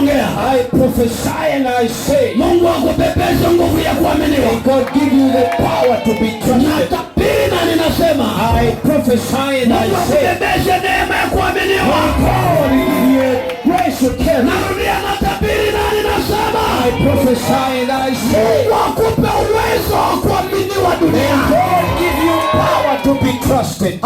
ninaongea, I prophesy and I say, Mungu akupepeze nguvu ya kuaminiwa. God give you the power to be trusted. Natabiri na ninasema, I prophesy and I say, akupepeze neema ya kuaminiwa. is here, grace Narudia, natabiri na ninasema, I prophesy and I say, Mungu akupe uwezo wa kuaminiwa duniani. God give you power to be trusted.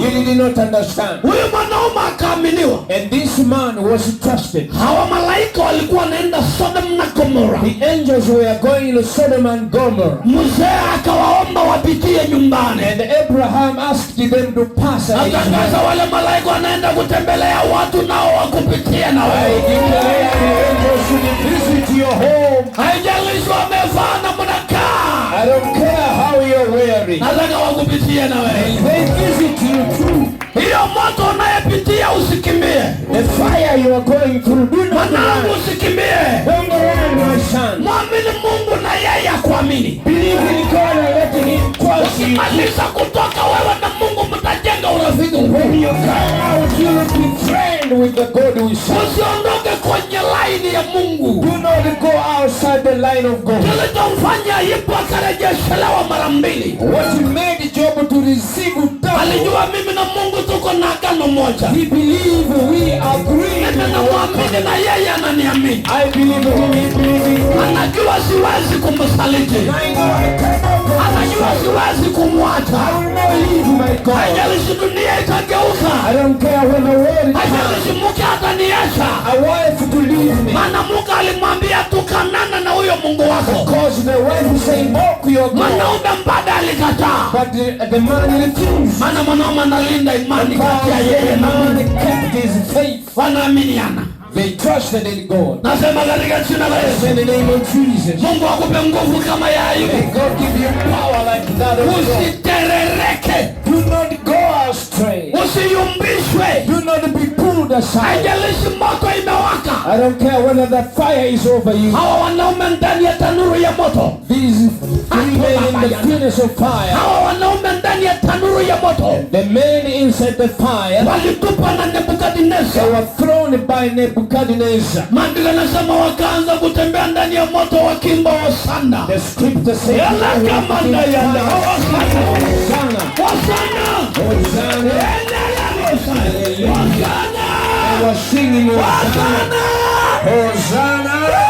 You did not understand. Huyu mwanaume akaaminiwa. And this man was trusted. Hawa malaika walikuwa wanaenda Sodom na Gomora. The angels were going to Sodom and Gomorrah. Mzee akawaomba wapitie nyumbani. And Abraham asked them to pass. Atangaza wale malaika wanaenda kutembelea watu nao wakupitie na wewe. Haijalishi wamevaa na mnakaa. I don't care nataka wakupitie na wewe hiyo moto unayepitia usikimbie, mwanangu, usikimbie. Mwamini Mungu na yeye akuamini. Ukimaliza kutoka wewe na Mungu mtajenga urafiki. Usiondoke kwenye laini ya Mungu. Do not go outside the line of God. Kilichomfanya Ayubu akarejeshelewa mara mbili. What made Job to receive double. Alijua mimi na Mungu tuko na agano moja. He believe we agree. Mimi na namwamini na yeye ananiamini. I believe him, he believe Anajua siwezi kumsaliti. Anajua siwezi kumwacha. Haijalishi dunia itageuka. I don't care when the world. Haijalishi mke ataniacha. I want maana Mungu alimwambia tukanana na huyo Mungu wako. Mwanaume mbada alikataa, maana mwanaume analinda imani kati ya yeye na Mungu, wanaaminiana. They trusted in God. Nasema katika jina la Yesu. In the name of Jesus. Mungu akupe nguvu kama ya Ayubu. God give you power like that of God. Usiterereke. Do not go astray. Usiyumbishwe. Do not be pulled aside. I don't care whether the fire is over you. These three men in the furnace of fire. The men inside the fire. They were thrown by Nebuchadnezzar. The scripture says. Yala kama ndaya. wasinging Hosana! Hosana!